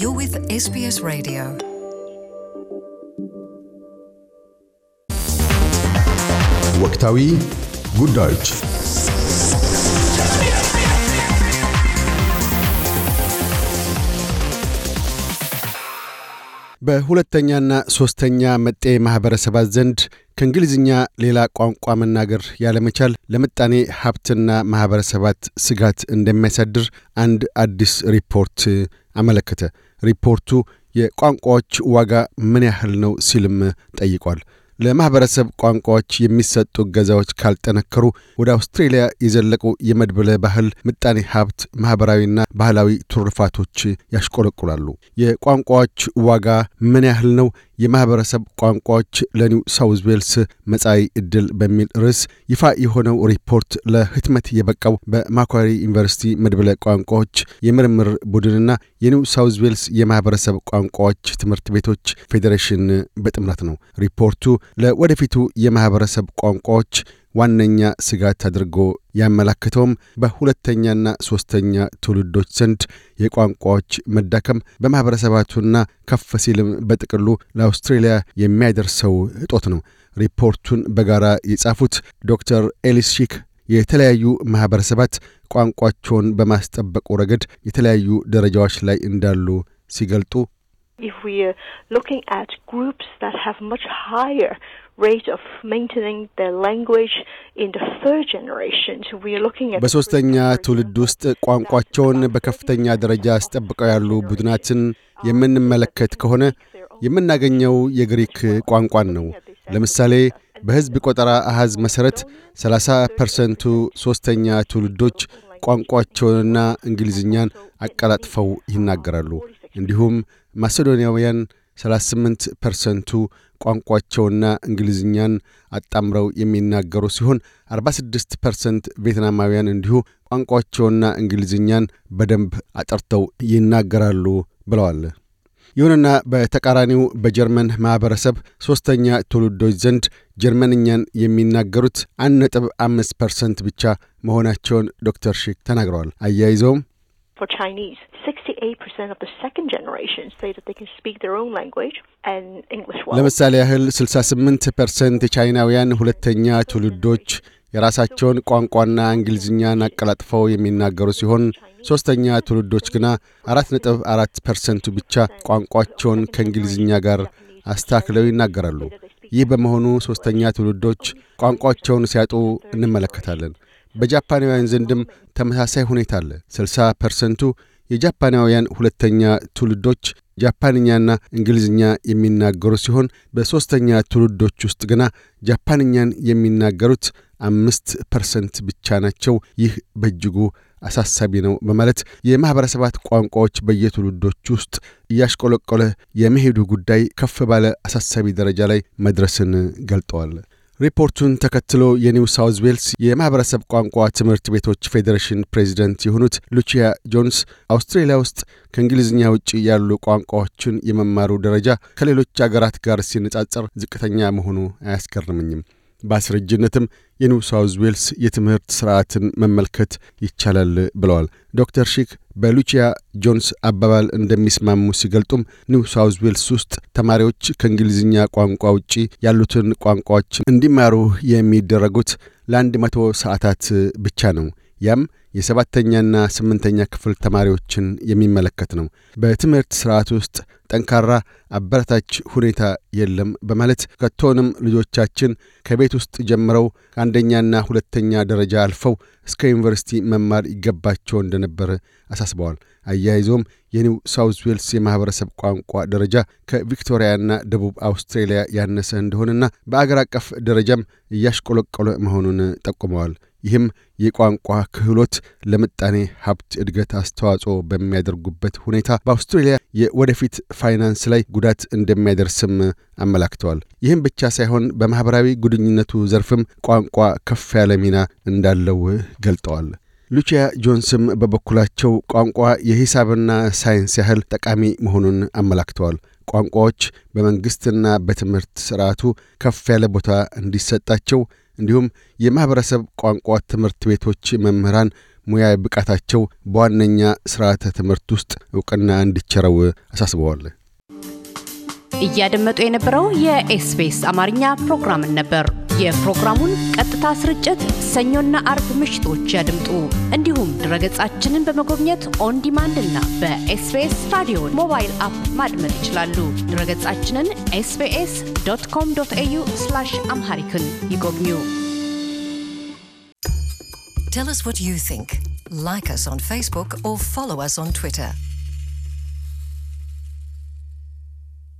You're with SBS Radio. ወቅታዊ ጉዳዮች በሁለተኛና ሦስተኛ መጤ ማኅበረሰባት ዘንድ ከእንግሊዝኛ ሌላ ቋንቋ መናገር ያለመቻል ለምጣኔ ሀብትና ማኅበረሰባት ስጋት እንደሚያሳድር አንድ አዲስ ሪፖርት አመለከተ። ሪፖርቱ የቋንቋዎች ዋጋ ምን ያህል ነው ሲልም ጠይቋል። ለማኅበረሰብ ቋንቋዎች የሚሰጡ ገዛዎች ካልጠነከሩ ወደ አውስትሬልያ የዘለቁ የመድብለ ባህል ምጣኔ ሀብት ማኅበራዊና ባህላዊ ትሩፋቶች ያሽቆለቁላሉ። የቋንቋዎች ዋጋ ምን ያህል ነው? የማኅበረሰብ ቋንቋዎች ለኒው ሳውዝ ዌልስ መጻኢ ዕድል በሚል ርዕስ ይፋ የሆነው ሪፖርት ለህትመት የበቃው በማኳሪ ዩኒቨርሲቲ መድብለ ቋንቋዎች የምርምር ቡድንና የኒው ሳውዝ ዌልስ የማኅበረሰብ ቋንቋዎች ትምህርት ቤቶች ፌዴሬሽን በጥምረት ነው። ሪፖርቱ ለወደፊቱ የማኅበረሰብ ቋንቋዎች ዋነኛ ስጋት አድርጎ ያመላክተውም በሁለተኛና ሦስተኛ ትውልዶች ዘንድ የቋንቋዎች መዳከም በማኅበረሰባቱና ከፍ ሲልም በጥቅሉ ለአውስትሬልያ የሚያደርሰው እጦት ነው። ሪፖርቱን በጋራ የጻፉት ዶክተር ኤሊስ ሺክ የተለያዩ ማኅበረሰባት ቋንቋቸውን በማስጠበቁ ረገድ የተለያዩ ደረጃዎች ላይ እንዳሉ ሲገልጡ If we are uh, looking at groups that have much higher rate of maintaining their language in the third generation, we are looking at በሶስተኛ ትውልድ ውስጥ ቋንቋቸውን በከፍተኛ ደረጃ አስጠብቀው ያሉ ቡድናትን um, የምንመለከት ከሆነ የምናገኘው የግሪክ ቋንቋን ነው። ለምሳሌ uh, በሕዝብ ቆጠራ አሃዝ መሠረት 30 ፐርሰንቱ ሦስተኛ ትውልዶች ቋንቋቸውንና እንግሊዝኛን አቀላጥፈው ይናገራሉ። እንዲሁም ማሴዶንያውያን 38 ፐርሰንቱ ቋንቋቸውና እንግሊዝኛን አጣምረው የሚናገሩ ሲሆን 46 ፐርሰንት ቪየትናማውያን እንዲሁ ቋንቋቸውና እንግሊዝኛን በደንብ አጠርተው ይናገራሉ ብለዋል። ይሁንና በተቃራኒው በጀርመን ማኅበረሰብ ሦስተኛ ትውልዶች ዘንድ ጀርመንኛን የሚናገሩት አምስት ፐርሰንት ብቻ መሆናቸውን ዶክተር ሺክ ተናግረዋል። አያይዘውም for Chinese, 68% of the second generation say that they can speak their own language and English well. ለምሳሌ ያህል 68 የቻይናውያን ሁለተኛ ትውልዶች የራሳቸውን ቋንቋና እንግሊዝኛን አቀላጥፈው የሚናገሩ ሲሆን ሦስተኛ ትውልዶች ግና አራት ነጥብ አራት ፐርሰንቱ ብቻ ቋንቋቸውን ከእንግሊዝኛ ጋር አስተካክለው ይናገራሉ። ይህ በመሆኑ ሦስተኛ ትውልዶች ቋንቋቸውን ሲያጡ እንመለከታለን። በጃፓናውያን ዘንድም ተመሳሳይ ሁኔታ አለ። 60 ፐርሰንቱ የጃፓናውያን ሁለተኛ ትውልዶች ጃፓንኛና እንግሊዝኛ የሚናገሩ ሲሆን በሦስተኛ ትውልዶች ውስጥ ግና ጃፓንኛን የሚናገሩት አምስት ፐርሰንት ብቻ ናቸው። ይህ በእጅጉ አሳሳቢ ነው በማለት የማኅበረሰባት ቋንቋዎች በየትውልዶች ውስጥ እያሽቆለቆለ የመሄዱ ጉዳይ ከፍ ባለ አሳሳቢ ደረጃ ላይ መድረስን ገልጠዋል። ሪፖርቱን ተከትሎ የኒው ሳውዝ ዌልስ የማኅበረሰብ ቋንቋ ትምህርት ቤቶች ፌዴሬሽን ፕሬዚደንት የሆኑት ሉቺያ ጆንስ አውስትሬሊያ ውስጥ ከእንግሊዝኛ ውጭ ያሉ ቋንቋዎችን የመማሩ ደረጃ ከሌሎች አገራት ጋር ሲነጻጸር ዝቅተኛ መሆኑ አያስገርምኝም። በአስረጅነትም የኒው ሳውዝ ዌልስ የትምህርት ስርዓትን መመልከት ይቻላል ብለዋል። ዶክተር ሺክ በሉቺያ ጆንስ አባባል እንደሚስማሙ ሲገልጡም ኒው ሳውዝ ዌልስ ውስጥ ተማሪዎች ከእንግሊዝኛ ቋንቋ ውጪ ያሉትን ቋንቋዎች እንዲማሩ የሚደረጉት ለአንድ መቶ ሰዓታት ብቻ ነው። ያም የሰባተኛና ስምንተኛ ክፍል ተማሪዎችን የሚመለከት ነው። በትምህርት ስርዓት ውስጥ ጠንካራ አበረታች ሁኔታ የለም በማለት ከቶንም ልጆቻችን ከቤት ውስጥ ጀምረው ከአንደኛና ሁለተኛ ደረጃ አልፈው እስከ ዩኒቨርሲቲ መማር ይገባቸው እንደነበር አሳስበዋል። አያይዞም የኒው ሳውዝ ዌልስ የማኅበረሰብ ቋንቋ ደረጃ ከቪክቶሪያና ደቡብ አውስትሬልያ ያነሰ እንደሆነና በአገር አቀፍ ደረጃም እያሽቆለቆለ መሆኑን ጠቁመዋል። ይህም የቋንቋ ክህሎት ለምጣኔ ሀብት እድገት አስተዋጽኦ በሚያደርጉበት ሁኔታ በአውስትሬልያ የወደፊት ፋይናንስ ላይ ጉዳት እንደሚያደርስም አመላክተዋል። ይህም ብቻ ሳይሆን በማኅበራዊ ጉድኝነቱ ዘርፍም ቋንቋ ከፍ ያለ ሚና እንዳለው ገልጠዋል። ሉቺያ ጆንስም በበኩላቸው ቋንቋ የሂሳብና ሳይንስ ያህል ጠቃሚ መሆኑን አመላክተዋል። ቋንቋዎች በመንግሥትና በትምህርት ሥርዓቱ ከፍ ያለ ቦታ እንዲሰጣቸው እንዲሁም የማኅበረሰብ ቋንቋ ትምህርት ቤቶች መምህራን ሙያ ብቃታቸው በዋነኛ ስርዓተ ትምህርት ውስጥ እውቅና እንዲቸረው አሳስበዋል። እያደመጡ የነበረው የኤስፔስ አማርኛ ፕሮግራምን ነበር። የፕሮግራሙን ቀጥታ ስርጭት ሰኞና አርብ ምሽቶች ያድምጡ። እንዲሁም ድረገጻችንን በመጎብኘት ኦን ዲማንድ እና በኤስቤስ ራዲዮ ሞባይል አፕ ማድመጥ ይችላሉ። ድረገጻችንን ኤስቤስ ዶት ኮም ዶት ኤዩ አምሃሪክን ይጎብኙ። Tell us what you think. Like us on Facebook or follow